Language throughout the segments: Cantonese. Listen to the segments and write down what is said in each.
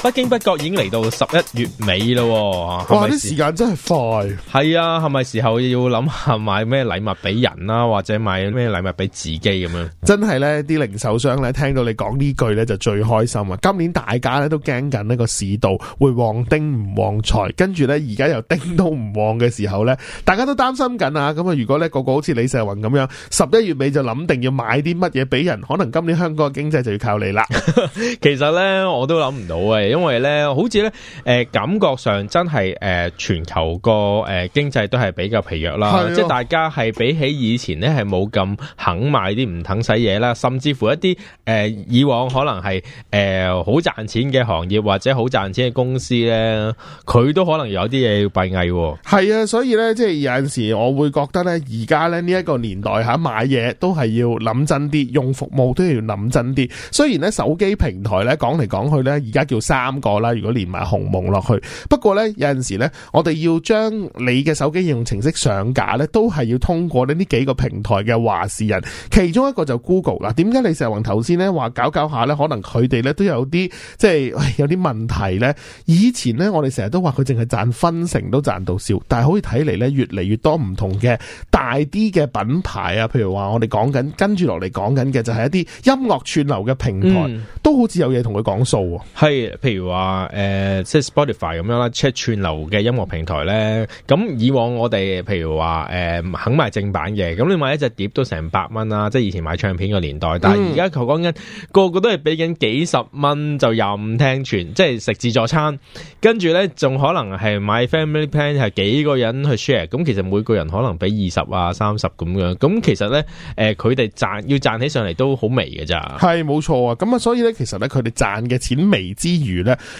不經不覺已經嚟到十一月尾喎。哇！啲時間真係快。係啊，係咪時候要諗下買咩禮物俾人啦、啊，或者買咩禮物俾自己咁樣？真係呢啲零售商咧聽到你講呢句呢就最開心啊！今年大家咧都驚緊呢個市道會旺丁唔旺財，跟住呢而家又丁都唔旺嘅時候呢，大家都擔心緊啊！咁啊，如果呢個個好似李世雲咁樣，十一月尾就諗定要買啲乜嘢俾人，可能今年香港嘅經濟就要靠你啦。 其實呢，我都諗唔到啊。因為咧，好似咧，誒、呃，感覺上真係誒、呃，全球個誒、呃、經濟都係比較疲弱啦，的即係大家係比起以前咧，係冇咁肯買啲唔肯使嘢啦，甚至乎一啲誒、呃、以往可能係誒好賺錢嘅行業或者好賺錢嘅公司咧，佢都可能有啲嘢要閉翳、啊。係啊，所以咧，即係有陣時我會覺得咧，而家咧呢一、這個年代吓、啊、買嘢都係要諗真啲，用服務都要諗真啲。雖然咧手機平台咧講嚟講去咧，而家叫三三個啦，如果連埋鴻蒙落去。不過呢，有陣時呢，我哋要將你嘅手機應用程式上架呢，都係要通過呢呢幾個平台嘅話事人。其中一個就 Google 啦。點解李石宏頭先呢？話搞搞下呢，可能佢哋呢都有啲即係有啲問題呢。以前呢，我哋成日都話佢淨係賺分成都賺到笑，但係好似睇嚟呢，越嚟越多唔同嘅大啲嘅品牌啊，譬如話我哋講緊跟住落嚟講緊嘅就係一啲音樂串流嘅平台，嗯、都好似有嘢同佢講數。係。譬如話誒，即、呃、係 Spotify 咁樣啦，check 串流嘅音樂平台咧。咁以往我哋譬如話誒、呃，肯買正版嘅，咁你買一隻碟都成百蚊啦。即係以前買唱片個年代，但係而家求講緊個個都係俾緊幾十蚊就任聽全，即係食自助餐。跟住咧，仲可能係買 Family Plan 係幾個人去 share。咁其實每個人可能俾二十啊三十咁樣。咁、啊、其實咧，誒、呃，佢哋賺要賺起上嚟都好微嘅咋？係冇錯啊。咁啊，所以咧，其實咧，佢哋賺嘅錢微之餘。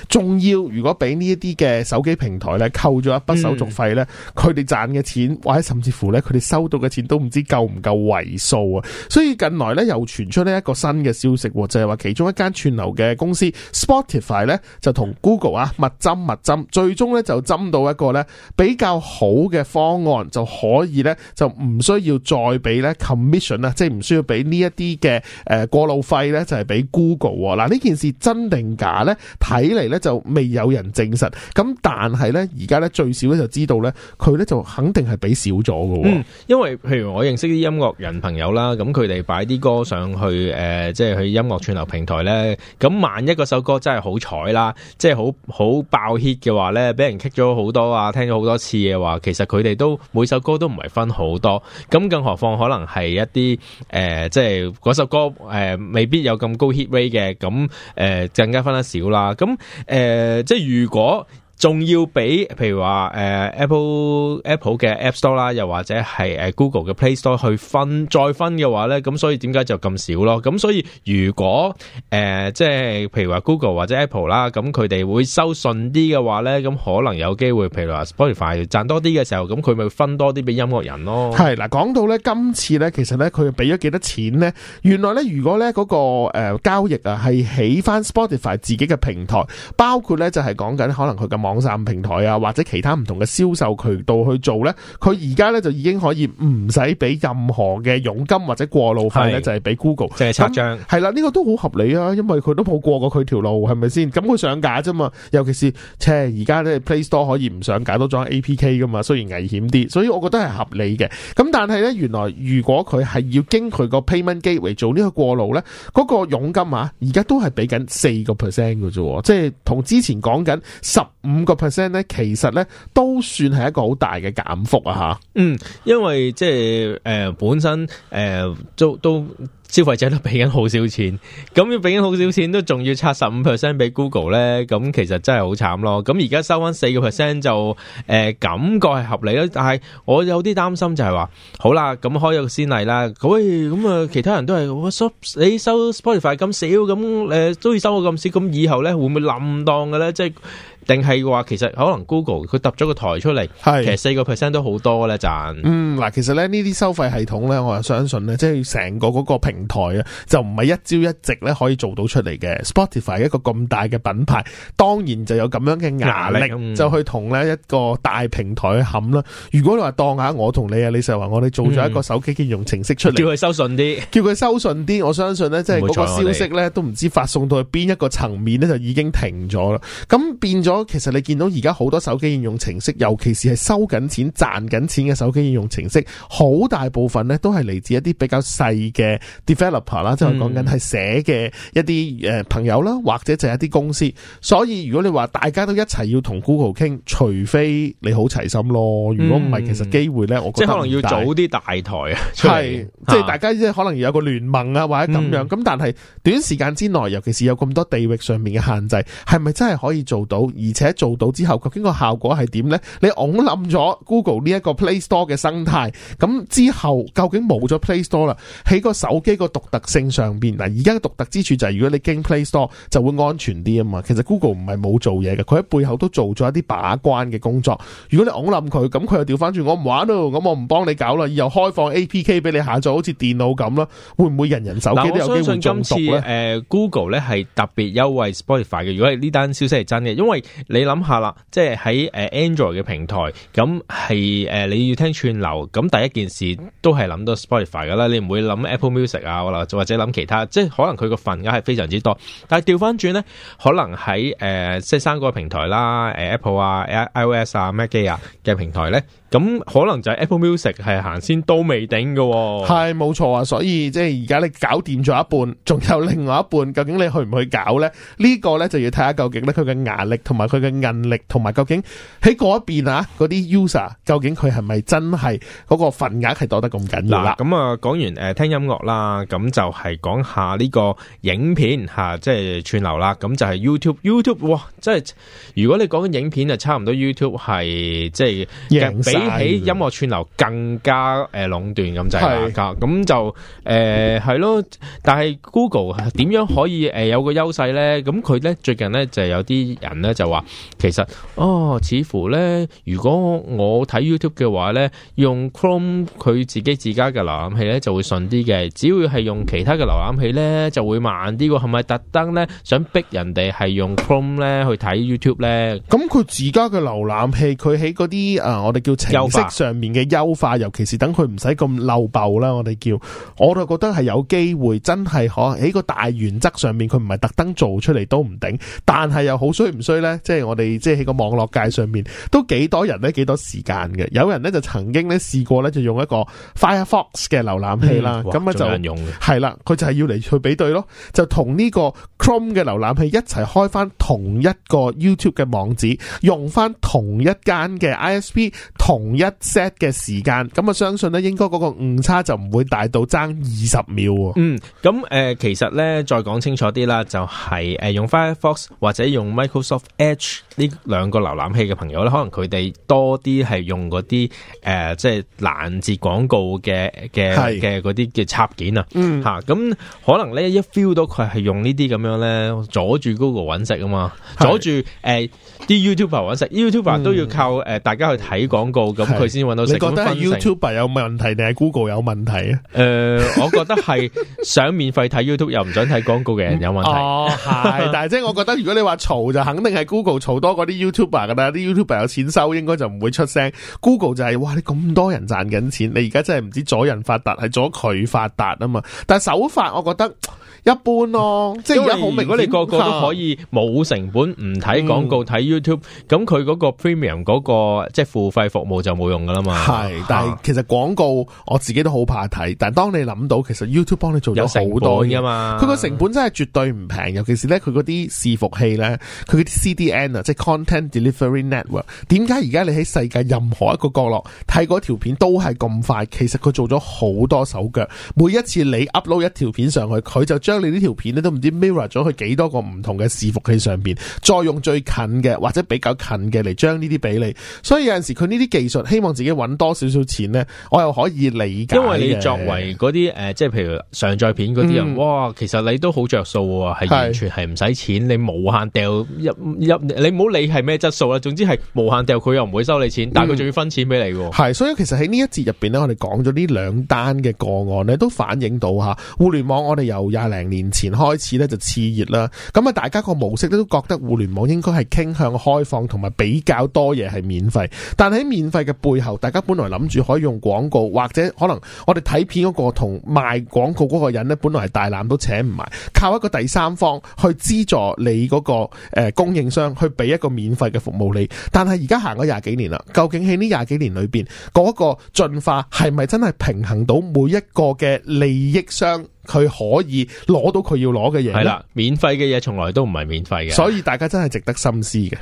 仲要如果俾呢一啲嘅手機平台咧扣咗一筆手續費咧，佢哋賺嘅錢或者甚至乎咧，佢哋收到嘅錢都唔知夠唔夠為數啊！所以近來咧又傳出呢一個新嘅消息，就係話其中一間串流嘅公司 Spotify 咧就同 Google 啊密針密針，最終咧就針到一個咧比較好嘅方案，就可以咧就唔需要再俾咧 commission 啊，即係唔需要俾呢一啲嘅誒過路費咧，就係俾 Google。嗱呢件事真定假咧？睇嚟咧就未有人證實，咁但係咧而家咧最少咧就知道咧，佢咧就肯定係俾少咗嘅。嗯，因為譬如我認識啲音樂人朋友啦，咁佢哋擺啲歌上去誒、呃、即係去音樂串流平台咧，咁萬一嗰首歌真係好彩啦，即係好好爆 hit 嘅話咧，俾人 kick 咗好多啊，聽咗好多次嘅話，其實佢哋都每首歌都唔係分好多，咁更何況可能係一啲誒、呃、即係嗰首歌誒、呃、未必有咁高 hit rate 嘅，咁誒、呃、更加分得少啦。咁誒，呃，即係如果，仲要俾，譬如話誒、呃、Apple Apple 嘅 App Store 啦，又或者係誒 Google 嘅 Play Store 去分，再分嘅話咧，咁所以點解就咁少咯？咁所以如果誒即係譬如話 Google 或者 Apple 啦，咁佢哋會收信啲嘅話咧，咁可能有機會譬如話 Spotify 賺多啲嘅時候，咁佢咪分多啲俾音樂人咯？係嗱，講到咧今次咧，其實咧佢俾咗幾多錢咧？原來咧如果咧嗰、那個誒、呃、交易啊係起翻 Spotify 自己嘅平台，包括咧就係講緊可能佢咁。網站平台啊，或者其他唔同嘅銷售渠道去做呢。佢而家呢，就已經可以唔使俾任何嘅佣金或者過路費呢就係俾 Google，就係拆賬係啦，呢個都好合理啊，因為佢都冇過過佢條路，係咪先？咁佢上架啫嘛，尤其是即係而家呢 Play Store 可以唔上架都裝 APK 噶嘛，雖然危險啲，所以我覺得係合理嘅。咁但係呢，原來如果佢係要經佢個 payment gateway 嚟做呢個過路呢，嗰個佣金啊，而家都係俾緊四個 percent 嘅啫，即係同之前講緊十五。五個 percent 咧，其實咧都算係一個好大嘅減幅啊！吓，嗯，因為即係誒、呃，本身誒、呃，都都消費者都俾緊好少錢，咁要俾緊好少錢，都仲要拆十五 percent 俾 Google 咧，咁其實真係好慘咯。咁而家收翻四個 percent 就誒、呃，感覺係合理啦。但係我有啲擔心就係話，好啦，咁開咗個先例啦，喂，咁、欸、啊，其他人都係我收你收 Spotify 咁少，咁誒都要收我咁少，咁以後咧會唔會冧檔嘅咧？即係。定係話，其實可能 Google 佢揼咗個台出嚟，係其實四個 percent 都好多咧賺。嗯，嗱其實咧呢啲收費系統咧，我係相信咧，即係成個嗰個平台啊，就唔係一朝一夕咧可以做到出嚟嘅。Spotify 一個咁大嘅品牌，當然就有咁樣嘅壓力，力嗯、就去同咧一個大平台去冚啦。如果你話當下我同你啊，你成日話我哋做咗一個手機應用程式出嚟、嗯，叫佢收信啲，叫佢收信啲，我相信咧即係個消息咧都唔知發送到去邊一個層面咧，就已經停咗啦。咁變咗。其實你見到而家好多手機應用程式，尤其是係收緊錢、賺緊錢嘅手機應用程式，好大部分呢都係嚟自一啲比較細嘅 developer 啦、嗯，即係講緊係寫嘅一啲誒、呃、朋友啦，或者就係一啲公司。所以如果你話大家都一齊要同 Google 傾，除非你好齊心咯。如果唔係，其實機會呢，我覺得即係可能要早啲大台啊，係即係大家即係可能有個聯盟啊，或者咁樣。咁、嗯、但係短時間之內，尤其是有咁多地域上面嘅限制，係咪真係可以做到？而且做到之後，究竟個效果係點咧？你拱冧咗 Google 呢一個 Play Store 嘅生態，咁之後究竟冇咗 Play Store 啦，喺個手機個獨特性上邊嗱，而家嘅獨特之處就係如果你經 Play Store 就會安全啲啊嘛。其實 Google 唔係冇做嘢嘅，佢喺背後都做咗一啲把關嘅工作。如果你拱冧佢，咁佢又調翻轉我唔玩咯，咁我唔幫你搞啦，以後開放 APK 俾你下載，好似電腦咁啦，會唔會人人手機都有機會中毒咧？今次，誒，Google 咧係特別優惠 Spotify 嘅，如果呢單消息係真嘅，因為。你諗下啦，即係喺誒 Android 嘅平台，咁係誒你要聽串流，咁第一件事都係諗到 Spotify 噶啦，你唔會諗 Apple Music 啊，或或者諗其他，即係可能佢個份額係非常之多。但係調翻轉咧，可能喺誒即三個平台啦，誒、啊、Apple 啊、iOS 啊、Mac 機啊嘅平台咧，咁可能就係 Apple Music 係行先都未頂噶、哦。係冇錯啊，所以即係而家你搞掂咗一半，仲有另外一半，究竟你去唔去搞咧？這個、呢個咧就要睇下究竟咧佢嘅壓力同。同埋佢嘅韌力，同埋究竟喺嗰邊啊？嗰啲 user 究竟佢係咪真係嗰個份額係多得咁緊要啦？咁啊，講完誒聽音樂啦，咁就係講下呢個影片吓，即係串流啦。咁就係 YouTube，YouTube 哇！即係如果你講緊影片，就差唔多 YouTube 係即係，比起音樂串流更加誒壟斷咁就係啦。咁就誒係咯，但係 Google 點樣可以誒有個優勢咧？咁佢咧最近咧就係有啲人咧就。話其實哦，似乎呢，如果我睇 YouTube 嘅話呢，用 Chrome 佢自己自家嘅瀏覽器呢，就會順啲嘅。只要係用其他嘅瀏覽器呢，就會慢啲喎。係咪特登呢？想逼人哋係用 Chrome 呢去睇 YouTube 呢？咁佢自家嘅瀏覽器，佢喺嗰啲啊，我哋叫程式上面嘅優化，優化尤其是等佢唔使咁漏爆啦。我哋叫我就覺得係有機會，真係可喺個大原則上面，佢唔係特登做出嚟都唔頂，但係又好衰唔衰呢？即係我哋即係喺個網絡界上面都幾多人咧，幾多時間嘅。有人咧就曾經咧試過咧，就用一個 Firefox 嘅瀏覽器啦，咁啊、嗯、就係啦，佢就係要嚟去比對咯，就同呢個 Chrome 嘅瀏覽器一齊開翻同一個 YouTube 嘅網址，用翻同一間嘅 ISP、同一 set 嘅時間，咁啊相信咧應該嗰個誤差就唔會大到爭二十秒，嗯，咁誒、呃，其實咧再講清楚啲啦，就係、是、誒、呃、用 Firefox 或者用 Microsoft。呢兩個瀏覽器嘅朋友咧，可能佢哋多啲係用嗰啲誒，即係攔截廣告嘅嘅嘅啲嘅插件啊，嚇咁、嗯嗯、可能咧一 feel 到佢係用呢啲咁樣咧，阻住 Google 揾食啊嘛，是阻住誒啲、呃、YouTuber 揾食、嗯、YouTuber 都要靠誒、呃、大家去睇廣告咁，佢先揾到食。你覺得係 YouTuber 有問題定係 Google 有問題啊？誒、呃，我覺得係想免費睇 YouTube 又唔想睇廣告嘅人有問題。嗯、哦，係， 但係即係我覺得如果你話嘈 就肯定係 Go。Google 嘈多嗰啲 YouTuber 噶啦，啲 YouTuber 有錢收，應該就唔會出聲。Google 就係、是，哇！你咁多人賺緊錢，你而家真係唔知阻人發達，係阻佢發達啊嘛？但係手法，我覺得。一般咯，即係好明顯如果你個個都可以冇成本唔睇是廣告睇、嗯、YouTube，咁佢嗰個 premium 嗰、那個即係、就是、付費服務就冇用噶啦嘛。係，但係其實廣告我自己都好怕睇。但係當你諗到，其實 YouTube 幫你做咗好多嘢嘛。佢個成本真係絕對唔平，尤其是咧佢嗰啲伺服器咧，佢啲 CDN 啊，即係 content delivery network。點解而家你喺世界任何一個角落睇嗰條片都係咁快？其實佢做咗好多手腳，每一次你 upload 一條片上去，佢就將。你呢條片咧都唔知 mirror 咗去幾多個唔同嘅伺服器上邊，再用最近嘅或者比較近嘅嚟將呢啲俾你，所以有陣時佢呢啲技術希望自己揾多少少錢咧，我又可以理解。因為你作為嗰啲誒，即係譬如上載片嗰啲人，嗯、哇，其實你都好着數喎，係完全係唔使錢，是你無限掉入入你唔好理係咩質素啦，總之係無限掉佢又唔會收你錢，嗯、但係佢仲要分錢俾你。係，所以其實喺呢一節入邊咧，我哋講咗呢兩單嘅個案咧，都反映到吓，互聯網我哋又廿零。零年前開始咧就熾熱啦，咁啊大家個模式都覺得互聯網應該係傾向開放同埋比較多嘢係免費，但喺免費嘅背後，大家本來諗住可以用廣告或者可能我哋睇片嗰個同賣廣告嗰個人呢，本來係大纜都扯唔埋，靠一個第三方去資助你嗰個誒供應商去俾一個免費嘅服務你，但係而家行咗廿幾年啦，究竟喺呢廿幾年裏邊嗰個進化係咪真係平衡到每一個嘅利益商？佢可以攞到佢要攞嘅嘢。係啦，免費嘅嘢從來都唔係免費嘅，所以大家真係值得深思嘅。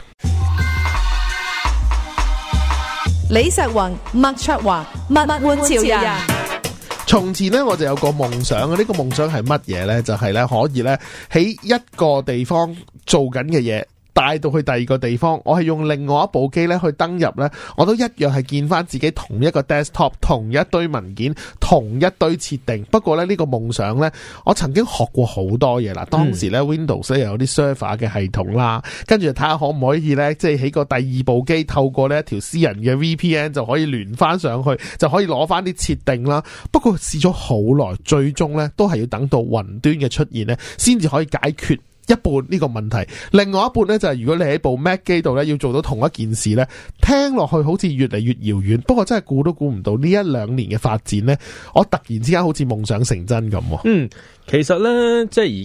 李石宏、麥卓華、物玩潮人。從前呢，我就有個夢想嘅，呢、這個夢想係乜嘢呢？就係、是、呢可以呢喺一個地方做緊嘅嘢。帶到去第二個地方，我係用另外一部機咧去登入呢，我都一樣係見翻自己同一個 desktop、同一堆文件、同一堆設定。不過咧呢個夢想呢，我曾經學過好多嘢啦，當時呢 Windows 又有啲 server 嘅系統啦，跟住睇下可唔可以呢？即係起個第二部機，透過呢一條私人嘅 VPN 就可以連翻上去，就可以攞翻啲設定啦。不過試咗好耐，最終呢都係要等到雲端嘅出現呢，先至可以解決。一半呢個問題，另外一半呢，就係如果你喺部 Mac 機度呢，要做到同一件事呢，聽落去好似越嚟越遙遠。不過真係估都估唔到呢一兩年嘅發展呢，我突然之間好似夢想成真咁。嗯。其實咧，即係而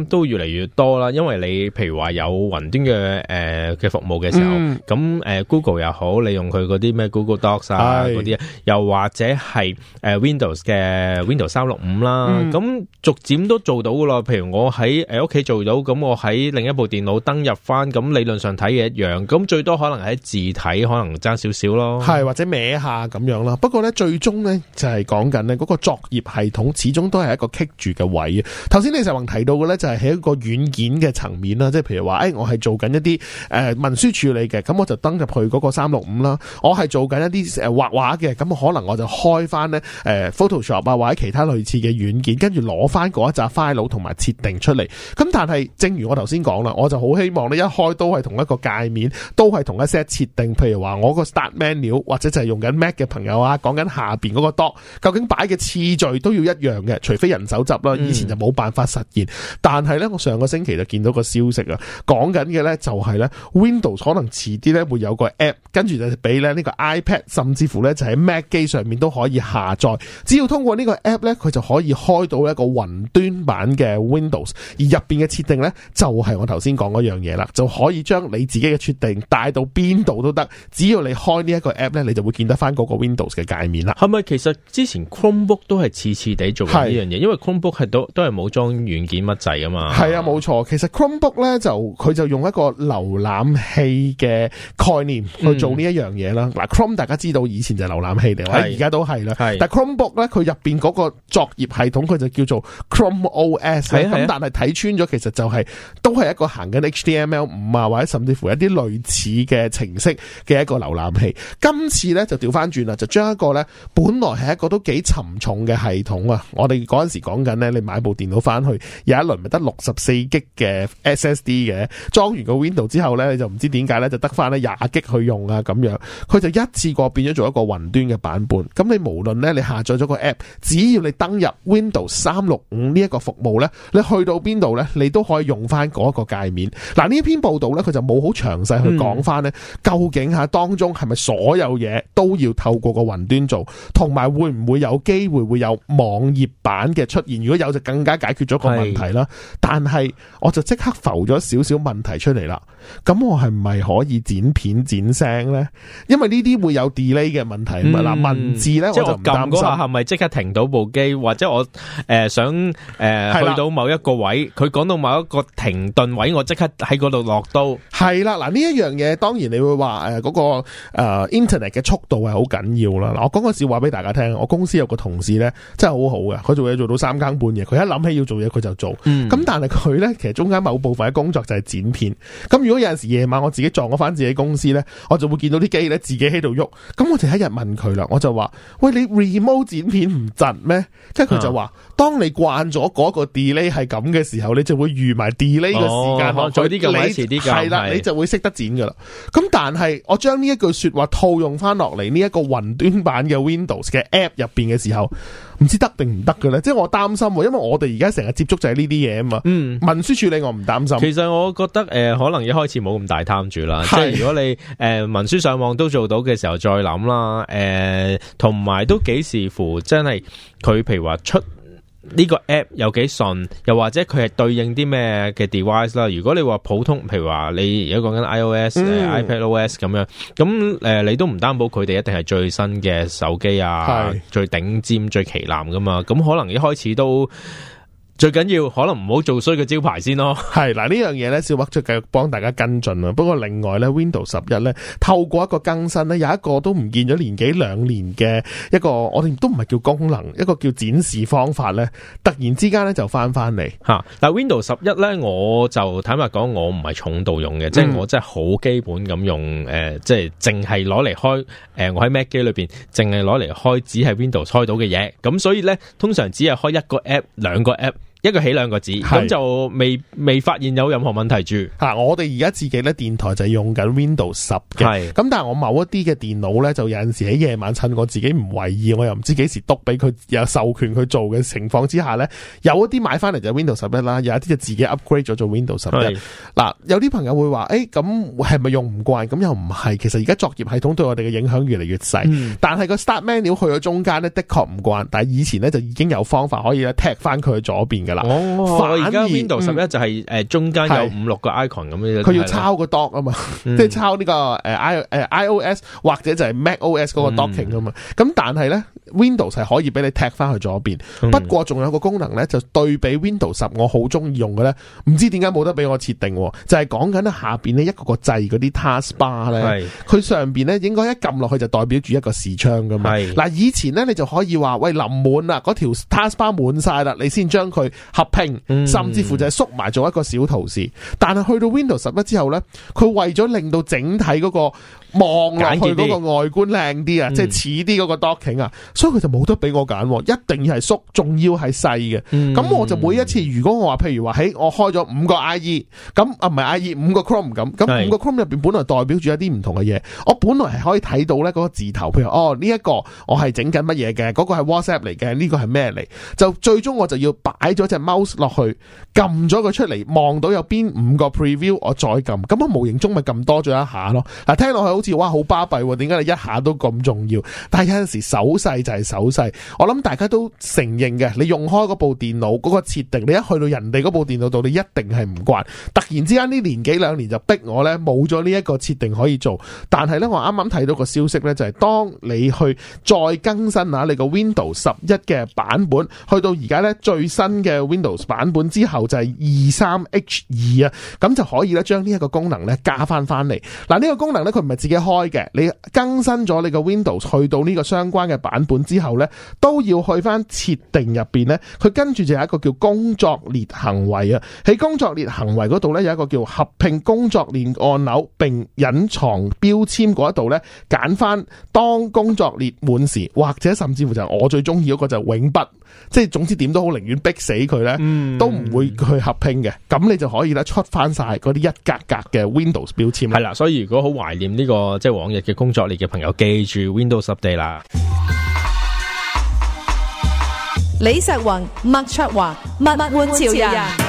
家都越嚟越多啦，因為你譬如話有雲端嘅誒嘅服務嘅時候，咁誒、嗯呃、Google 又好，你用佢嗰啲咩 Google Docs 啊嗰啲是，又或者係誒、呃、Windows 嘅 Windows 三六五啦，咁、嗯、逐漸都做到噶咯。譬如我喺誒屋企做到，咁我喺另一部電腦登入翻，咁理論上睇嘅一樣，咁最多可能係字體可能爭少少咯，係或者歪下咁樣啦。不過咧，最終咧就係、是、講緊咧嗰個作業系統始終都係一個 keep 住嘅。位啊！頭先李石宏提到嘅呢，就係喺一個軟件嘅層面啦，即係譬如話，誒，我係做緊一啲誒文書處理嘅，咁我就登入去嗰個三六五啦。我係做緊一啲誒畫畫嘅，咁可能我就開翻咧誒 Photoshop 啊，或者其他類似嘅軟件，跟住攞翻嗰一集 file 同埋設定出嚟。咁但係，正如我頭先講啦，我就好希望咧一開都係同一個界面，都係同一 set 設定。譬如話，我個 Start Menu 或者就係用緊 Mac 嘅朋友啊，講緊下邊嗰個 Dock，究竟擺嘅次序都要一樣嘅，除非人手執啦。嗯以前就冇辦法實現，但係呢，我上個星期就見到個消息啊，講緊嘅呢，就係呢 Windows 可能遲啲呢會有個 App，跟住就俾咧呢個 iPad，甚至乎呢就喺 Mac 機上面都可以下載。只要通過呢個 App 呢，佢就可以開到一個雲端版嘅 Windows，而入邊嘅設定呢，就係我頭先講嗰樣嘢啦，就可以將你自己嘅設定帶到邊度都得，只要你開呢一個 App 呢，你就會見得翻嗰個 Windows 嘅界面啦。係咪？其實之前 Chromebook 都係次次地做呢樣嘢，是因為 Chromebook 係。都都係冇裝軟件乜滯啊嘛，係啊冇錯。其實 Chromebook 咧，就佢就用一個瀏覽器嘅概念去做呢一樣嘢啦。嗱，Chrome，嗯、大家知道以前就瀏覽器嚟，話是，而家都係啦。是但係 Chromebook 咧，佢入邊嗰個作業系統佢就叫做 Chrome OS，咁，啊、但係睇穿咗其實就係、是、都係一個行緊 HTML 五啊，或者甚至乎一啲類似嘅程式，嘅一個瀏覽器。今次咧，就調翻轉啦，就將一個咧，本來係一個都幾沉重嘅系統啊，我哋嗰陣時講緊咧。買部電腦翻,去有一輪咪得六十四 G 嘅 SSD 嘅，裝完個 Window 之後咧，你就唔知點解咧就得翻咧廿 G 去用啊，咁樣，佢就一次過變咗做一個雲端嘅版本。咁你無論咧你下載咗個 App，只要你登入 Window 三六五呢一個服務咧，你去到邊度咧你都可以用翻嗰一個界面。嗱，呢一篇報道咧佢就冇好詳細去講翻咧究竟吓當中係咪所有嘢都要透過個雲端做，同埋會唔會有機會會有網頁版嘅出現？如果有？就更加解決咗個問題啦。但係，我就即刻浮咗少少問題出嚟啦。咁我係咪可以剪片剪聲呢？因為呢啲會有 delay 嘅問題。咁啊、嗯，文字呢、嗯，即係我撳嗰下，係咪即刻停到部機？或者我誒想誒、呃、去到某一個位，佢講的到某一個停頓位，我即刻喺嗰度落刀。係啦，嗱，呢一樣嘢當然你會話嗰、呃那個、呃、internet 嘅速度係好緊要啦。嗱，我講個笑話俾大家聽，我公司有個同事呢，真係好好嘅，佢做嘢做到三更半夜，佢一諗起要做嘢佢就做。咁、嗯但係佢咧，其實中間某部分嘅工作就係剪片。咁如果有陣時夜晚我自己撞咗翻自己公司咧，我就會見到啲機咧自己喺度喐。咁我就一日問佢啦，我就話：喂，你 remote 剪片唔震咩？跟住佢就話：當你慣咗嗰個 delay 係咁嘅時候，你就會預埋 delay 嘅時間。哦，再啲咁鬼遲啲噶，係啦，你就會識得剪噶啦。咁的但係我將呢一句說話套用翻落嚟呢一個雲端版嘅 Windows 嘅 App 入邊嘅時候，唔知得定唔得嘅咧？即係我擔心，因為我哋而家成日接觸就係呢啲嘢啊嘛。嗯，文書處理我唔擔心。其實我覺得誒、呃，可能一開始冇咁大貪住啦。是即係如果你誒、呃、文書上網都做到嘅時候，再諗啦。誒、呃，同埋都幾視乎真係佢，譬如話出呢個 app 有幾順，又或者佢係對應啲咩嘅 device 啦。如果你話普通，譬如話你而家講緊 iOS、iPadOS 咁樣，咁誒、呃，你都唔擔保佢哋一定係最新嘅手機啊，是最頂尖、最旗艦噶嘛。咁可能一開始都。最緊要可能唔好做衰嘅招牌先咯，係嗱呢樣嘢呢，小畫出繼續幫大家跟進。不過另外呢 Windows 十一呢，透過一個更新呢，有一個都唔見咗年幾兩年嘅一個，我哋都唔係叫功能，一個叫展示方法呢。突然之間呢，就翻翻嚟吓。嗱、Windows 十一呢，我就坦白講，我唔係重度用嘅，即係、嗯、我真係好基本咁用，誒、呃，即係淨係攞嚟開，誒、呃，我喺 Mac 機裏邊淨係攞嚟開，只係 Windows 開到嘅嘢。咁所以呢，通常只係開一個 App，兩個 App。一個起兩個字，咁是就未未發現有任何問題住吓、嗯、我哋而家自己咧電台就係用緊 Windows 十嘅，咁是但係我某一啲嘅電腦咧，就有陣時喺夜晚趁我自己唔為意，我又唔知幾時督俾佢有授權佢做嘅情況之下咧，有一啲買翻嚟就 Windows 十一啦，有一啲就自己 upgrade 咗做 Windows 十一是。嗱、嗯，有啲朋友會話，誒咁係咪用唔慣？咁又唔係。其實而家作業系統對我哋嘅影響越嚟越細，嗯、但係個 start menu 去咗中間咧，的確唔慣。但係以前咧就已經有方法可以咧踢翻佢左邊嘅。嗱，我、哦、而家 Windows 十一就係、是、誒、嗯、中間有五六個 icon 咁樣是，佢要抄個 dock 啊嘛，即係、嗯、抄呢、這個誒、uh, i,、uh, iOS 或者就係 macOS 嗰個 Docking 啊嘛。咁、嗯、但係咧，Windows 係可以俾你踢翻去左邊。嗯、不過仲有個功能咧，就對比 Windows 十，我好中意用嘅咧，唔知點解冇得俾我設定、啊。就係、是、講緊下邊咧一個個掣嗰啲 taskbar 咧，佢是上邊咧應該一撳落去就代表住一個視窗噶嘛。嗱是、啊，以前咧你就可以話喂，臨滿啦，嗰條 taskbar 滿晒啦，你先將佢，合併，甚至乎就係縮埋做一個小圖示，但係去到 Windows 11之後咧，佢為咗令到整體嗰、那個。望落去嗰個外觀靚啲啊，嗯、即係似啲嗰個 Docking 啊，所以佢就冇得俾我揀，一定要係縮，仲要係細嘅。咁、嗯、我就每一次如果我話譬如話喺我開咗五個 IE，咁啊唔係 IE 五個 Chrome 咁，咁五個 Chrome 入邊本來代表住一啲唔同嘅嘢，我本來係可以睇到咧個字頭，譬如哦呢一、這個我係整緊乜嘢嘅，嗰、那、係、個、WhatsApp 嚟嘅，呢、這個係咩嚟？就最終我就要擺咗隻 Mouse 落去，撳咗佢出嚟，望到有邊五個 Preview，我再撳，咁我無形中咪撳多咗一下咯。嗱，聽落去好。似哇，好巴閉，點解、啊、你一下都咁重要？但係有陣時手勢就係手勢，我諗大家都承認嘅。你用開嗰部電腦嗰、嗰個設定，你一去到人哋嗰部電腦度，你一定係唔慣。突然之間呢年幾兩年就逼我咧，冇咗呢一個設定可以做。但係咧，我啱啱睇到個消息咧，就係、是、當你去再更新下、啊、你個 Windows 十一嘅版本，去到而家咧最新嘅 Windows 版本之後，就係二三 H 二啊，咁就可以咧將呢一個功能咧加翻翻嚟。嗱、啊、呢、這個功能咧，佢唔係自。一開嘅，你更新咗你個 Windows 去到呢個相關嘅版本之後呢，都要去翻設定入邊呢，佢跟住就有一個叫工作列行為啊。喺工作列行為嗰度呢，有一個叫合併工作列按鈕並隱藏標籤嗰一度呢，揀翻當工作列滿時，或者甚至乎就係我最中意嗰個就永不，即係總之點都好，寧願逼死佢呢，嗯、都唔會去合併嘅。咁你就可以咧出翻晒嗰啲一格格嘅 Windows 標籤啦。係啦，所以如果好懷念呢個。即係往日嘅工作，嚟嘅朋友記住 Windows 十 Day 啦。李石雲、麥卓華、默默換潮人。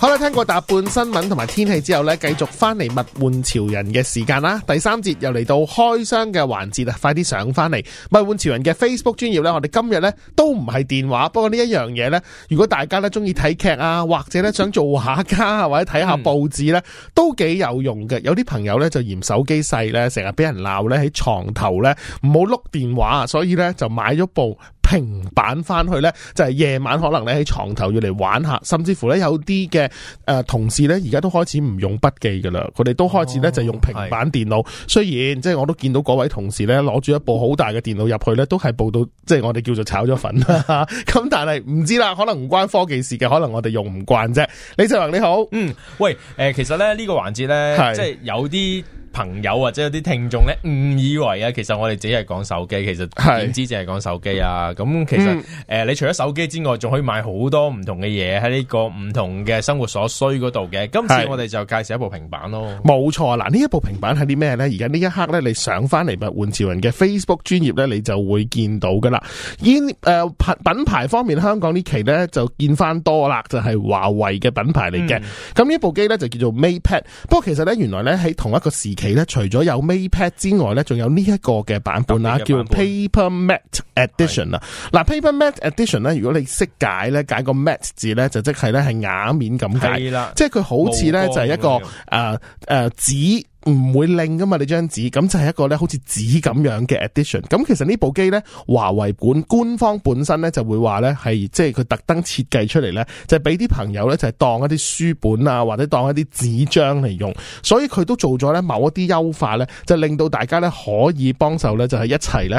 好啦，聽過大半新聞同埋天氣之後呢，繼續翻嚟物玩潮人嘅時間啦。第三節又嚟到開箱嘅環節啦，快啲上翻嚟物玩潮人嘅 Facebook 專頁呢，我哋今日呢都唔係電話，不過呢一樣嘢呢，如果大家呢中意睇劇啊，或者呢想做下家啊，或者睇下報紙呢，嗯、都幾有用嘅。有啲朋友呢就嫌手機細呢，成日俾人鬧呢，喺床頭呢唔好碌電話，所以呢就買咗部。平板返去呢，就係、是、夜晚可能你喺床頭要嚟玩下，甚至乎呢，有啲嘅誒同事呢，而家都開始唔用筆記噶啦，佢哋都開始呢，哦、就用平板電腦。是雖然即係、就是、我都見到嗰位同事呢，攞住一部好大嘅電腦入去呢，都係報到，即、就、係、是、我哋叫做炒咗粉啦。咁 但係唔知啦，可能唔關科技事嘅，可能我哋用唔慣啫。李志宏你好，嗯，喂，誒、呃，其實呢，呢、這個環節呢，是即係有啲。朋友或者有啲聽眾咧，誤以為啊，其實我哋只係講手機，其實點知淨係講手機啊？咁其實誒，你除咗手機之外，仲可以買好多唔同嘅嘢，喺呢個唔同嘅生活所需嗰度嘅。今次我哋就介紹一部平板咯，冇錯。嗱，呢一部平板係啲咩咧？而家呢一刻咧，你上翻嚟物玩潮人嘅 Facebook 專頁咧，你就會見到噶啦。誒，品牌方面，香港呢期咧就見翻多啦，就係、是、華為嘅品牌嚟嘅。咁、嗯、呢部機咧就叫做 MatePad，不過其實咧原來咧喺同一個時期。除咗有 MatePad 之外咧，仲有呢一個嘅版本啊，本叫 mat 的 Paper Matte Edition 啦。嗱，Paper Matte Edition 咧，如果你識解咧，解個 Matte 字咧，就即係咧係瓦面咁解，的即係佢好似咧就係一個誒誒紙。唔會令噶嘛？你張紙咁就係一個呢，好似紙咁樣嘅 Edition。咁其實呢部機呢，華為本官方本身呢就會話呢係即係佢特登設計出嚟，呢就係俾啲朋友呢，就係當一啲書本啊，或者當一啲紙張嚟用。所以佢都做咗呢某一啲優化呢，就令到大家呢可以幫手呢，就係一齊呢。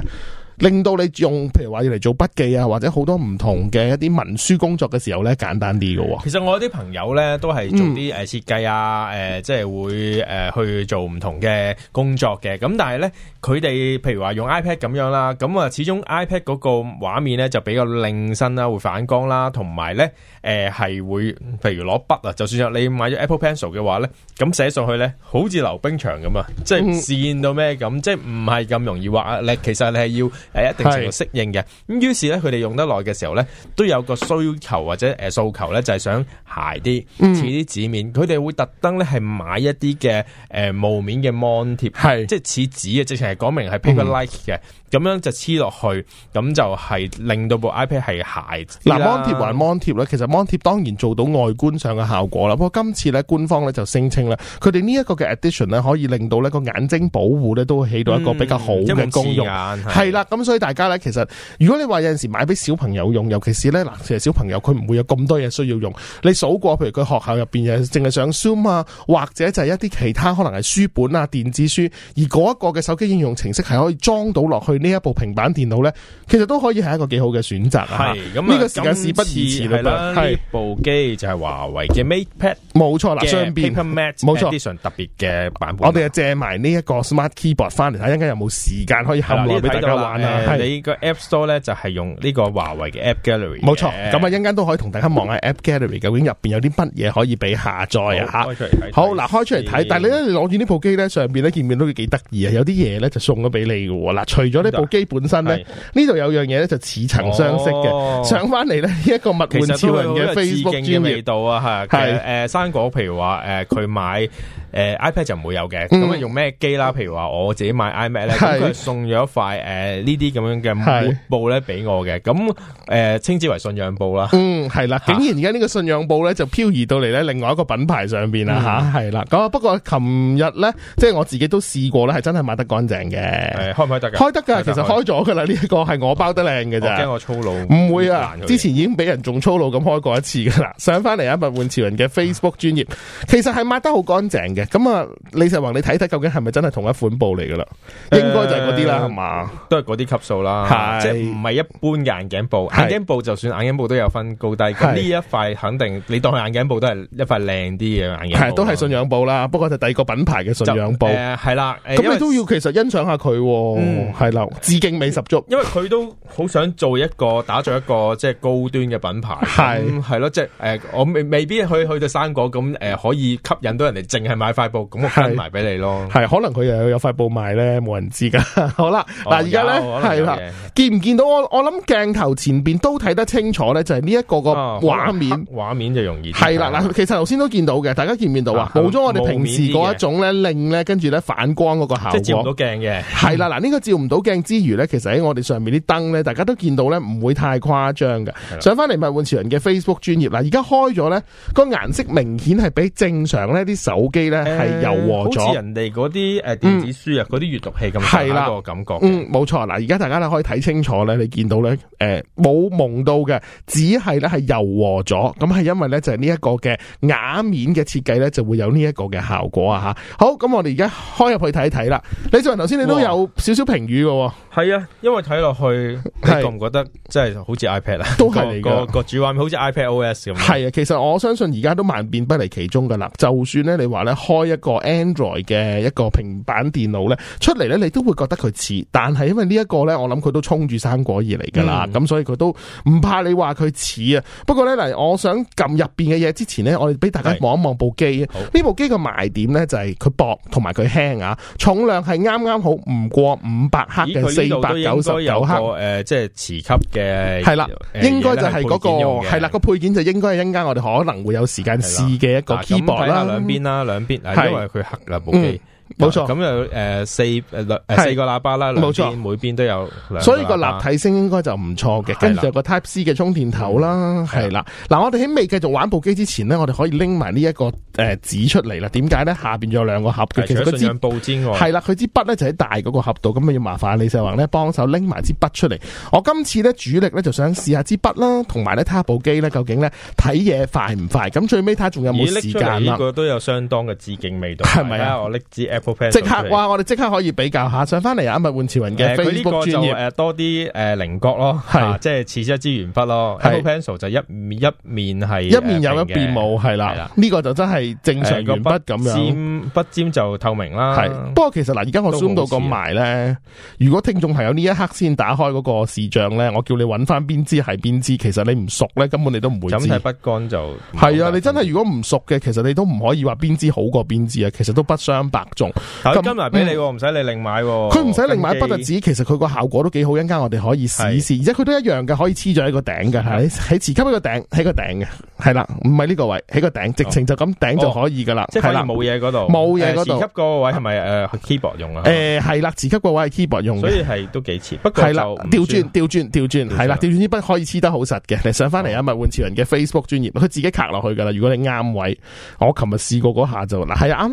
令到你用，譬如話要嚟做筆記啊，或者好多唔同嘅一啲文書工作嘅時候咧，簡單啲嘅喎。其實我啲朋友咧都係做啲誒設計啊，誒、嗯呃、即係會誒、呃、去做唔同嘅工作嘅。咁但係咧，佢哋譬如話用 iPad 咁樣啦，咁啊始終 iPad 嗰個畫面咧就比較令身啦，會反光啦，同埋咧誒係會，譬如攞筆啊，就算有你買咗 Apple Pencil 嘅話咧，咁寫上去咧好似溜冰場咁啊，即係滑到咩咁，嗯、即係唔係咁容易畫啊！你其實你係要。係一定程度適應嘅。咁於是咧，佢哋用得耐嘅時候咧，都有個需求或者誒訴求咧，就係想鞋，啲似啲紙面，佢哋，嗯、會特登咧係買一啲嘅誒霧面嘅 mon 貼，係是即係似紙啊，直情係講明係 paper like 嘅。嗯咁樣就黐落去，咁就係令到部 iPad 係鞋。嗱，Mon 貼還 Mon 貼咧，其實 Mon 貼當然做到外觀上嘅效果啦。不過今次咧，官方咧就聲稱啦，佢哋呢一個嘅 edition 咧，可以令到呢個眼睛保護咧都會起到一個比較好嘅功用。係啦、嗯，咁所以大家咧，其實如果你話有陣時買俾小朋友用，尤其是咧嗱，其實小朋友佢唔會有咁多嘢需要用。你數過，譬如佢學校入邊嘅，淨係上 Zoom 啊，或者就係一啲其他可能係書本啊、電子書，而嗰一個嘅手機應用程式係可以裝到落去。呢一部平板電腦咧，其實都可以係一個幾好嘅選擇係咁，呢個時間事不宜遲啦。部機就係華為嘅 MatePad，冇錯啦，上邊冇錯，非常特別嘅版本。我哋啊借埋呢一個 Smart Keyboard 翻嚟，睇下一陣間有冇時間可以冚落俾大家玩啊！你個 App Store 咧就係用呢個華為嘅 App Gallery，冇錯。咁啊，一陣間都可以同大家望下 App Gallery 究竟入邊有啲乜嘢可以俾下載啊！好，嗱，開出嚟睇。但係你咧攞住呢部機咧，上邊咧見唔見到幾得意啊？有啲嘢咧就送咗俾你嘅。嗱，除咗咧。部機本身咧，呢度的有樣嘢咧就似曾相識嘅，哦、上翻嚟咧呢一個物玩潮人嘅 Facebook 專頁度啊，係係生果，譬如話佢、呃、買。誒，iPad 就唔會有嘅，咁啊用咩機啦？譬如話我自己買 iMac 咧，咁佢送咗一塊誒呢啲咁樣嘅布咧俾我嘅，咁誒稱之為信仰布啦。嗯，係啦，竟然而家呢個信仰布咧就漂移到嚟咧另外一個品牌上邊啦吓，係啦。咁不過琴日咧，即係我自己都試過咧，係真係抹得乾淨嘅。誒，開唔開得噶？開得噶，其實開咗噶啦，呢一個係我包得靚嘅咋。驚我粗魯，唔會啊！之前已經俾人仲粗魯咁開過一次噶啦。上翻嚟啊！物玩潮人嘅 Facebook 專頁，其實係抹得好乾淨咁啊，李世宏，你睇睇究竟係咪真係同一款布嚟噶啦？應該就係嗰啲啦，係嘛是，都係嗰啲級數啦，即係唔係一般嘅眼鏡布。是眼鏡布就算眼鏡布都有分高低，咁呢是一塊肯定你當佢眼鏡布都係一塊靚啲嘅眼鏡布啦，都係信仰布啦，不過就第二個品牌嘅信仰布，係、呃、啦。咁你都要其實欣賞下佢、啊，係、嗯、啦，致敬美十足。因為佢都好想做一個打造一個即係高端嘅品牌，係係咯，即係誒、呃，我未未必去去到生果咁誒、呃，可以吸引到人哋淨係塊布，咁我跟埋俾你咯，係可能佢又有塊布賣咧，冇人知噶。好啦，嗱而家咧係啦，見唔見到我？我諗鏡頭前邊都睇得清楚咧，就係呢一個個畫面，畫面就容易睇，係啦。嗱，其實頭先都見到嘅，大家見唔見到啊？冇咗我哋平時嗰一種咧，令咧，跟住咧反光嗰個效果。即係照唔到鏡嘅，係啦。嗱，呢個照唔到鏡之餘咧，其實喺我哋上面啲燈咧，大家都見到咧，唔會太誇張嘅。上翻嚟物玩潮人嘅 Facebook 專頁嗱，而家開咗咧，個顏色明顯係比正常咧啲手機咧。係、呃、柔和咗，似人哋嗰啲誒電子書啊，嗰啲閱讀器咁，係啦個感覺嗯。嗯，冇錯，嗱，而家大家咧可以睇清楚咧，你見到咧，誒、呃，冇蒙到嘅，只係咧係柔和咗。咁係因為咧就係呢一個嘅瓦面嘅設計咧，就會有呢一個嘅效果啊吓。好，咁我哋而家開入去睇一睇啦。李俊文，頭先你都有少少評語嘅。係啊，因為睇落去，你覺唔覺得即係好似 iPad 啊？都係個個主畫面，好似 iPadOS 咁。係啊，其實我相信而家都萬變不離其中噶啦。就算咧，你話咧。開一個 Android 嘅一個平板電腦呢，出嚟呢你都會覺得佢似，但係因為呢一個呢，我諗佢都衝住生果而嚟噶啦，咁、嗯、所以佢都唔怕你話佢似啊。不過呢，嗱，我想撳入邊嘅嘢之前呢，我哋俾大家望一望部機。呢部機嘅賣點呢，就係佢薄同埋佢輕啊，重量係啱啱好唔過五百克嘅四百九十九克。誒，即係、呃就是、磁吸嘅係啦，應該就係嗰個係啦，個配件就應該係一陣間我哋可能會有時間試嘅一個 keyboard 啦，兩邊啦，兩邊。係因為，佢黑啦部機冇錯，咁又誒四誒四個喇叭啦，冇錯，每邊都有，所以個立體聲應該就唔錯嘅。跟住有個 Type C 嘅充電頭啦，係啦，嗱，我哋喺未繼續玩部機之前呢，我哋可以拎埋呢一個誒紙出嚟啦。點解呢？下邊仲有兩個盒嘅，其實佢支係啦，佢支筆咧就喺大嗰個盒度，咁咪要麻煩李世宏咧幫手拎埋支筆出嚟。我今次咧主力咧就想試下支筆啦，同埋呢睇下部機呢究竟呢睇嘢快唔快。咁最尾睇下仲有冇時間。個都有相當嘅致敬味道，係咪啊？我拎支。即刻哇！我哋即刻可以比較一下，上翻嚟阿咪換潮雲嘅 Facebook 專業，誒、呃、多啲誒稜角咯，係是、啊、即係似一支鉛筆咯，係是 Pencil 就一一面係一面有的一邊冇，係啦，呢啦個就真係正常鉛筆咁樣，哎、筆尖筆尖就透明啦，係。不過其實嗱，而家我、um、到 s 到個埋咧，如果聽眾朋友呢一刻先打開嗰個視像咧，我叫你揾翻邊支係邊支，其實你唔熟咧，根本你都唔會知。筆干就係啊！你真係如果唔熟嘅，其實你都唔可以話邊支好過邊支啊！其實都不相伯仲。咁跟埋俾你，唔使你另買。佢唔使另買筆特紙，其實佢個效果都幾好。一陣間我哋可以試一試，而且佢都一樣嘅，可以黐咗喺個頂嘅，喺喺磁吸喺個頂，喺個頂嘅，係啦，唔係呢個位，喺個頂，直情就咁頂就可以噶啦。即係冇嘢嗰度，冇嘢嗰度。磁吸個位係咪誒 keyboard 用啊？誒係啦，磁吸個位係 keyboard 用，所以係都幾黐。不過係啦，調轉調轉調轉，係啦，調轉呢筆可以黐得好實嘅。你上翻嚟啊，物玩潮人嘅 Facebook 專頁，佢自己卡落去噶啦。如果你啱位，我琴日試過嗰下就嗱，係啱。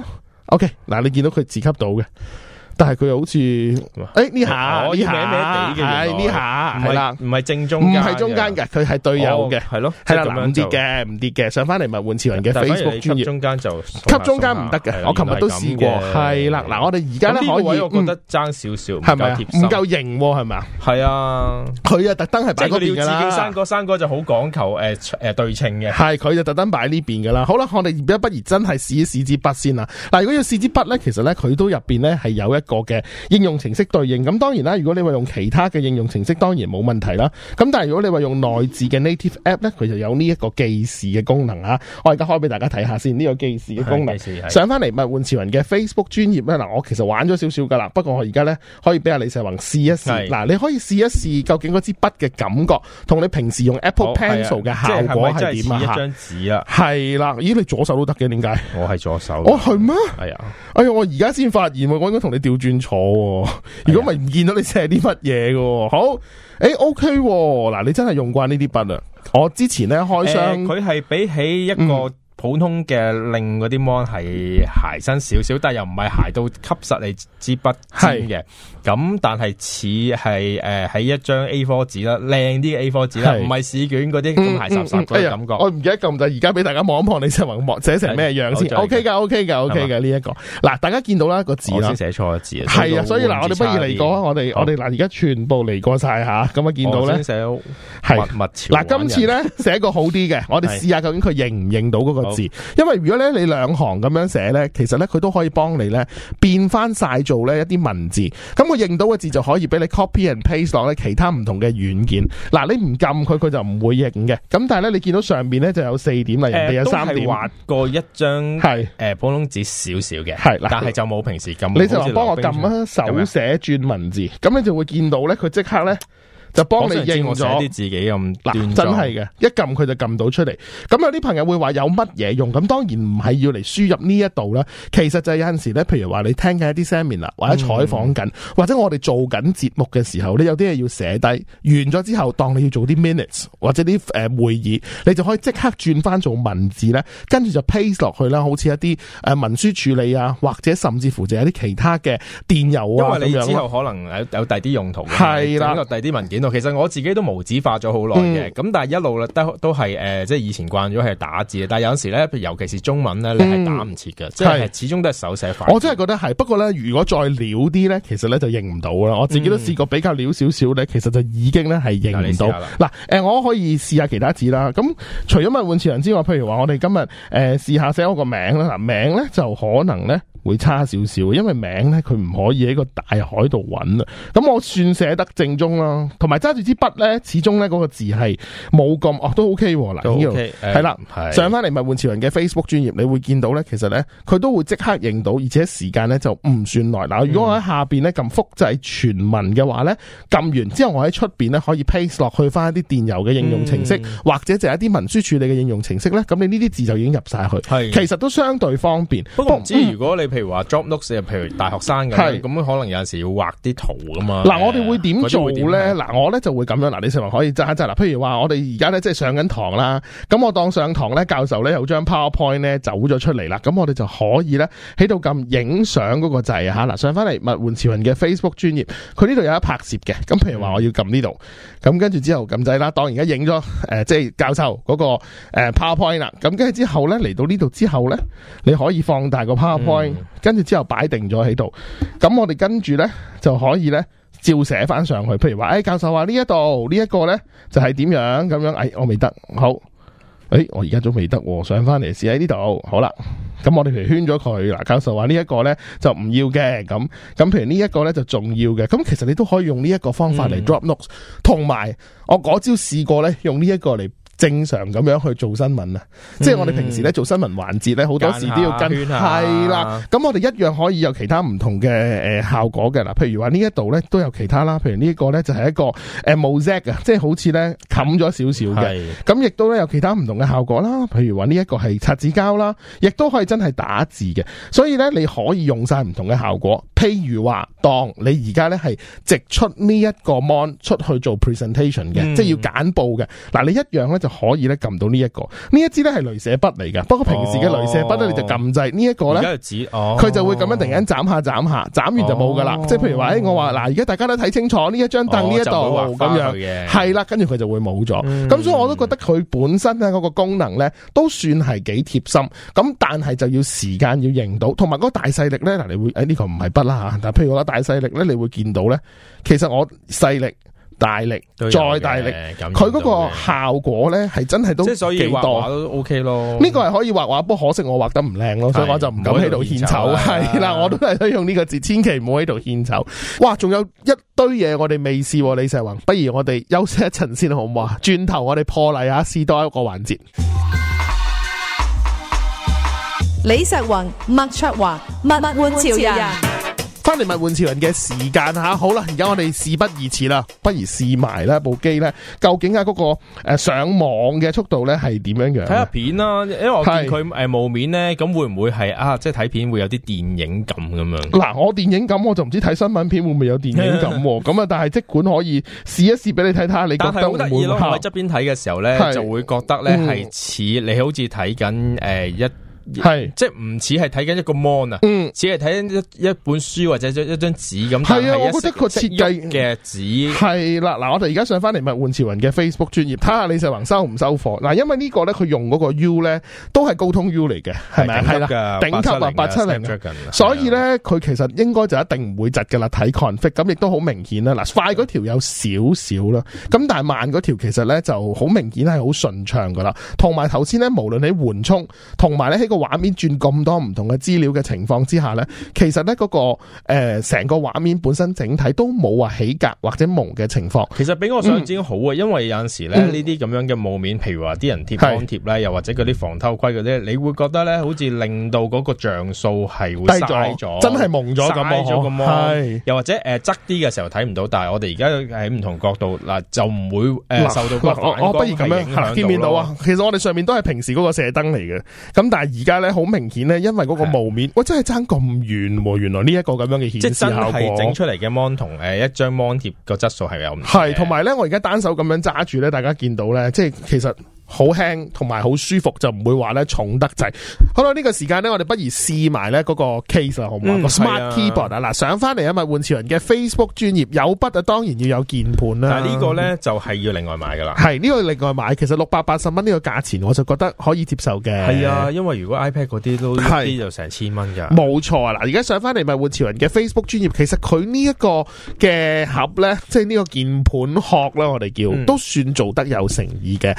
OK，嗱，你見到佢自己吸到嘅。但係佢又好似，哎呢下，呢下，係呢下，係啦，唔係正中，唔係中間嘅，佢係隊友嘅，係咯，係啦，唔跌嘅，唔跌嘅，上翻嚟咪換咗潮人嘅 Facebook 專頁中間就吸中間唔得嘅，我琴日都試過。係啦，嗱，我哋而家咧可以，我覺得爭少少，係咪唔夠型喎，係咪啊？係啊，佢啊特登係擺個表自己生果，生果就好講求對稱嘅。係，佢就特登擺呢邊嘅啦。好啦，我哋宜家不如真係試一試支筆先啦。嗱，如果要試支筆咧，其實咧佢都入邊咧係有一。個嘅應用程式對應咁，當然啦。如果你話用其他嘅應用程式，當然冇問題啦。咁但係如果你話用內置嘅 native app 咧，佢就有呢一個記事嘅功能啊。我而家開俾大家睇下先，呢、這個記事嘅功能上翻嚟咪換潮人嘅 Facebook 專頁啦。嗱,我其實玩咗少少噶啦，不過我而家咧可以俾阿李世宏試一試。嗱的，你可以試一試究竟嗰支筆嘅感覺，同你平時用 Apple、哦、Pencil 嘅效果係點啊？一張紙啊，係啦，咦，你左手都得嘅，點解？我係左手，我係咩？係啊，哎呀我而家先發現，我應該同你調。轉坐，如果唔係唔見到你寫啲乜嘢嘅，好，誒、欸，OK，嗱，你真係用慣呢啲筆啊，我之前咧開箱，佢係、呃、比起一個。嗯普通嘅令嗰啲芒係鞋身少少，但又唔係鞋到吸實你支筆尖嘅。咁但係似係誒喺一張 A4 紙啦，靚啲嘅 A4 紙啦，唔係試卷嗰啲咁鞋雜雜嘅感覺。我唔記得咁滯，而家俾大家望一望，你先望寫成咩樣先？OK 㗎，OK 㗎，OK 㗎呢一個。嗱，大家見到啦個字啦，寫錯字啊，係啊。所以嗱，我哋不如嚟過，我哋我哋嗱而家全部嚟過晒吓，咁啊見到咧，係。嗱，今次咧寫個好啲嘅，我哋試下究竟佢認唔認到嗰個。因為如果咧你兩行咁樣寫呢，其實呢，佢都可以幫你呢變翻晒做呢一啲文字，咁佢認到嘅字就可以俾你 copy and paste 落咧其他唔同嘅軟件。嗱，你唔撳佢，佢就唔會認嘅。咁但係呢，你見到上面呢就有四點啦，人哋有三點。都畫過一張係誒普通紙少少嘅，係啦是，但係就冇平時咁。你就話幫我撳啊手寫轉文字，咁你就會見到呢，佢即刻呢。就幫你認咗，我我寫自己咁、啊、真係嘅，一撳佢就撳到出嚟。咁有啲朋友會話有乜嘢用？咁當然唔係要嚟輸入呢一度啦。其實就有陣時咧，譬如話你聽緊一啲 seminar 啦，或者採訪緊，嗯、或者我哋做緊節目嘅時候，你有啲嘢要寫低完咗之後，當你要做啲 minutes 或者啲誒會議，你就可以即刻轉翻做文字咧，跟住就 paste 落去啦，好似一啲文書處理啊，或者甚至乎就一啲其他嘅電郵啊，因為你之後可能有有第啲用途，係啦，第啲文件。其實我自己都無紙化咗好耐嘅，咁、嗯、但係一路咧都都係誒，即、呃、係以前慣咗係打字嘅，但係有陣時咧，尤其是中文咧，你係打唔切嘅，嗯、即係始終都係手寫法。我真係覺得係，不過咧，如果再潦啲咧，其實咧就認唔到啦。我自己都試過比較潦少少咧，嗯、其實就已經咧係認唔到。嗱，誒，我可以試下其他字啦。咁除咗問換詞人之外，譬如話我哋今日誒試下寫我個名啦。嗱，名咧就可能咧，會差少少，因為名咧佢唔可以喺個大海度揾啦。咁我算寫得正宗咯，同埋揸住支筆呢，始終呢嗰個字係冇咁哦，都 OK 喎。嗱，呢度係啦，上翻嚟物玩潮人嘅 Facebook 專頁，你會見到呢，其實呢，佢都會即刻認到，而且時間呢就唔算耐。嗱，如果我喺下邊呢撳複製全文嘅話呢，撳完之後我喺出邊呢可以 paste 落去翻一啲電郵嘅應用程式，嗯、或者就係一啲文書處理嘅應用程式呢。咁你呢啲字就已經入晒去。的其實都相對方便。不過唔知、嗯、如果你。譬如話 job notes 譬如大學生嘅，咁對可能有陣時要畫啲圖咁嘛。嗱、嗯，我哋會點做咧？嗱，我咧就會咁樣嗱，你成為可以即一即嗱，譬如話我哋而家咧即係上緊堂啦，咁我當上堂咧，教授咧有張 PowerPoint 咧走咗出嚟啦，咁我哋就可以咧喺度撳影相嗰個掣啊嗱，上翻嚟物換潮人嘅 Facebook 專頁，佢呢度有一拍攝嘅，咁譬如話我要撳呢度，咁、嗯、跟住之後撳掣啦，當而家影咗即係教授嗰個 PowerPoint 啦，咁跟住之後咧嚟到呢度之後咧，你可以放大個 PowerPoint，嗯。跟住之後擺定咗喺度，咁我哋跟住呢就可以呢照寫翻上去。譬如話，誒、欸，教授話呢一度呢一個呢就係點樣咁樣，誒、欸，我未得好，誒、欸，我而家都未得，上翻嚟試喺呢度，好啦。咁我哋譬如圈咗佢啦，教授話呢一個呢就唔要嘅，咁咁譬如呢一個呢就重要嘅，咁其實你都可以用呢一個方法嚟 drop notes，同埋、嗯、我嗰招試過呢，用呢一個嚟。正常咁樣去做新聞啊，嗯、即係我哋平時咧做新聞環節咧，好多時都要跟係啦。咁我哋一樣可以有其他唔同嘅誒效果嘅嗱，嗯、譬如話呢一度咧都有其他啦，譬如呢一個咧就係一個誒 mosaic 嘅，即係好似咧冚咗少少嘅。咁亦都咧有其他唔同嘅效果啦，譬如話呢一個係擦紙膠啦，亦都可以真係打字嘅。所以咧你可以用晒唔同嘅效果，譬如話當你而家咧係直出呢一個 mon 出去做 presentation 嘅、嗯，即係要簡報嘅嗱，你一樣咧就。就可以咧撳到呢、這、一個，呢一支咧係鐳射筆嚟㗎。不過平時嘅鐳射筆咧，哦、你就撳掣、這個、呢一個咧。佢、哦、就會咁樣突然間斬下斬下，斬完就冇噶啦。哦、即係譬如話、哎，我話嗱，而家大家都睇清楚呢一張凳呢一度咁樣，係啦，跟住佢就會冇咗。咁、嗯、所以我都覺得佢本身咧嗰個功能咧，都算係幾貼心。咁但係就要時間要認到，同埋嗰個大細力咧嗱，你會誒呢、哎這個唔係筆啦吓。但係譬如我話大細力咧，你會見到咧，其實我細力。大力再大力，佢嗰感染 個效果呢，係真係都幾多。所以畫畫都 OK 咯。呢個係可以畫畫，不過可惜我畫得唔靚咯，是所以我就唔敢喺度獻醜。係啦，的啊、我都係都用呢個字，千祈唔好喺度獻醜。哇，仲有一堆嘢我哋未試，李石宏，不如我哋休息一陣先好唔好啊？轉頭我哋破例下試多一個環節。李石宏、麥卓華、物玩潮人。翻嚟物玩潮人嘅時間下、啊、好啦，而家我哋事不宜遲啦，不如試埋呢部機咧，究竟喺、啊、嗰、嗰個、呃、上網嘅速度咧係點樣樣？睇下片啦，因為我見佢誒霧面咧，咁是會唔會係啊？即係睇片會有啲電影感咁樣。嗱，我電影感我就唔知睇新聞片會唔會有電影感喎。咁啊，會會 但係即管可以試一試俾你睇睇下，你覺得但會唔會？喺側邊睇嘅時候咧，是就會覺得咧係似你好似睇緊一。呃係，是即係唔似係睇緊一個 mon 啊，嗯，只係睇緊一一本書或者一張紙咁。係啊，我覺得佢設計嘅紙係啦，嗱，啊、我哋而家上翻嚟物玩潮人嘅 Facebook 專頁，睇下李世宏收唔收貨。嗱，因為呢個咧，佢用嗰個 U 咧，都係高通 U 嚟嘅，係咪係係啦，頂級啊，八七零，70, Dragon, 所以咧，佢其實應該就一定唔會窒嘅啦。睇 config 咁亦都好明顯啦。嗱，快嗰條有少少啦，咁但係慢嗰條其實咧就好明顯係好順暢噶啦。同埋頭先咧，無論你緩衝同埋咧喺畫面轉咁多唔同嘅資料嘅情況之下咧，其實咧嗰、那個誒成、呃、個畫面本身整體都冇話起格或者蒙嘅情況。其實比我想知好啊，嗯、因為有陣時咧呢啲咁、嗯、樣嘅霧面，譬如話啲人貼光貼咧，是又或者嗰啲防偷窺嗰啲，你會覺得咧好似令到嗰個像素係會低咗，真係蒙咗咁咯。是又或者誒，窄啲嘅時候睇唔到，但係我哋而家喺唔同角度嗱、呃、就唔會誒、呃、啦受到光到。我不如咁樣，見面到啊。其實我哋上面都係平時嗰個射燈嚟嘅，咁但係而家咧好明顯咧，因為嗰個霧面，我的真係爭咁遠喎。原來呢一個咁樣嘅顯示效果，整出嚟嘅 mon 同誒一張 mon 貼個質素係有唔同。係同埋咧，我而家單手咁樣揸住咧，大家見到咧，即係其實。好輕同埋好舒服，就唔會話咧重得滯。好啦，呢、這個時間呢，我哋不如試埋呢嗰個 case 啦，好唔好？Smart、嗯、keyboard 啊，嗱上翻嚟啊，物玩潮人嘅 Facebook 專頁有筆啊，當然要有鍵盤啦。但係呢個呢就係、是、要另外買噶啦。係呢、這個另外買，其實六百八十蚊呢個價錢，我就覺得可以接受嘅。係啊，因為如果 iPad 嗰啲都啲就成千蚊㗎。冇錯啦嗱，而家上翻嚟物玩潮人嘅 Facebook 專頁，其實佢呢一個嘅盒呢，即係呢個鍵盤殼呢，我哋叫、嗯、都算做得有誠意嘅，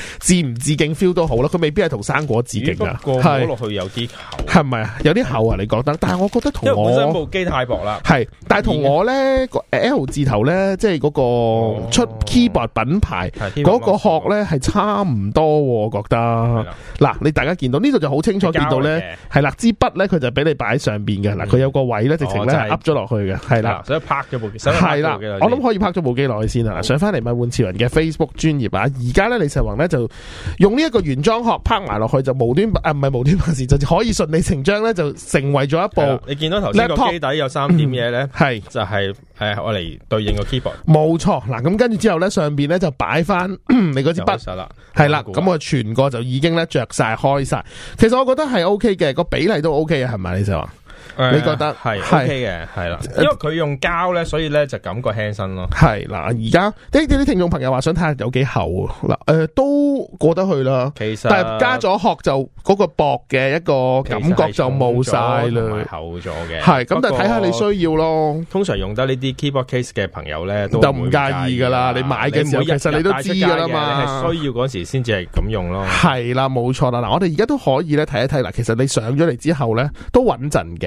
致敬 feel 都好啦，佢未必係同生果致敬㗎。係。落去有啲厚，係咪啊？有啲厚啊？你覺得？但係我覺得同我，因為本身部機太薄啦。係，但係同我咧，L 字頭咧，即係嗰個出 keyboard 品牌嗰個殼咧，係差唔多，我覺得。嗱，你大家見到呢度就好清楚見到咧，係啦，支筆咧，佢就俾你擺喺上邊嘅，嗱，佢有個位咧，直情咧，up 咗落去嘅，係啦。所以拍咗部機，係啦，我諗可以拍咗部機落去先啦。上翻嚟物玩潮人嘅 Facebook 專頁啊，而家咧李世宏咧就。用呢一個原裝殼拍埋落去就無端，啊唔係無端辦事就可以順理成章咧就成為咗一部。你見到頭先個機底有三點嘢咧，係、嗯、就係誒我嚟對應個 keyboard。冇錯，嗱咁跟住之後咧上邊咧就擺翻 你嗰支筆啦，係啦，咁的我猜猜全個就已經咧着晒開晒。其實我覺得係 OK 嘅，個比例都 OK 係咪你就話？嗯、你覺得係是是 OK 嘅，係啦，因為佢用膠咧，所以咧就感覺輕身咯。係嗱、嗯，而家呢啲啲聽眾朋友話想睇下有幾厚嗱，誒、呃、都過得去啦。其實但係加咗殼就嗰個薄嘅一個感覺就冇晒啦，是厚咗嘅係。咁但係睇下你需要咯。通常用得呢啲 keyboard case 嘅朋友咧，都會不會就唔介意噶啦。你買嘅時候其實你都知噶啦嘛，你需要嗰時先至係咁用咯。係啦，冇錯啦。嗱，我哋而家都可以咧睇一睇嗱，其實你上咗嚟之後咧都穩陣嘅。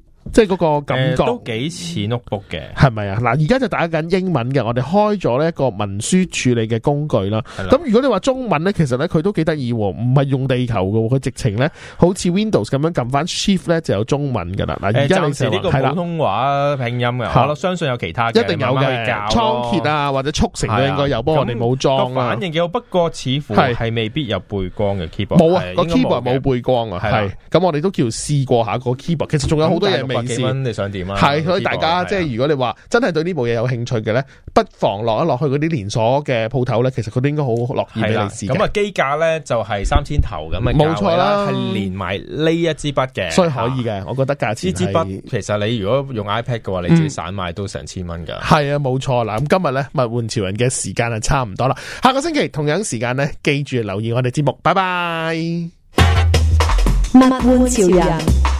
即係嗰個感覺都幾似 notebook 嘅，係咪啊？嗱，而家就打緊英文嘅，我哋開咗呢一個文書處理嘅工具啦。咁如果你話中文呢，其實呢佢都幾得意喎，唔係用地球嘅喎，佢直情呢好似 Windows 咁樣撳翻 Shift 呢就有中文㗎啦。嗱，而家你試呢個普通話拼音嘅，係啦，我相信有其他嘅，一定有嘅。教倉頡啊，或者速成應該有，幫我哋冇裝啊，反應好。不過似乎係未必有背光嘅 keyboard。冇啊，個 keyboard 冇背光啊。係，咁我哋都叫試過下個 keyboard。其實仲有好多嘢未。幾蚊你想點啊？係，所以大家即係、就是、如果你話真係對呢部嘢有興趣嘅咧，不妨落一落去嗰啲連鎖嘅鋪頭咧，其實佢都應該好樂意俾你試。咁啊機價咧就係三千頭咁嘅價，冇錯啦，係連埋呢一支筆嘅，所以可以嘅。啊、我覺得價錢支筆其實你如果用 iPad 嘅話，你自己散賣都成千蚊噶。係啊、嗯，冇錯啦。咁今日咧物玩潮人嘅時間啊，差唔多啦。下個星期同樣時間咧，記住留意我哋節目，拜拜。物玩潮人。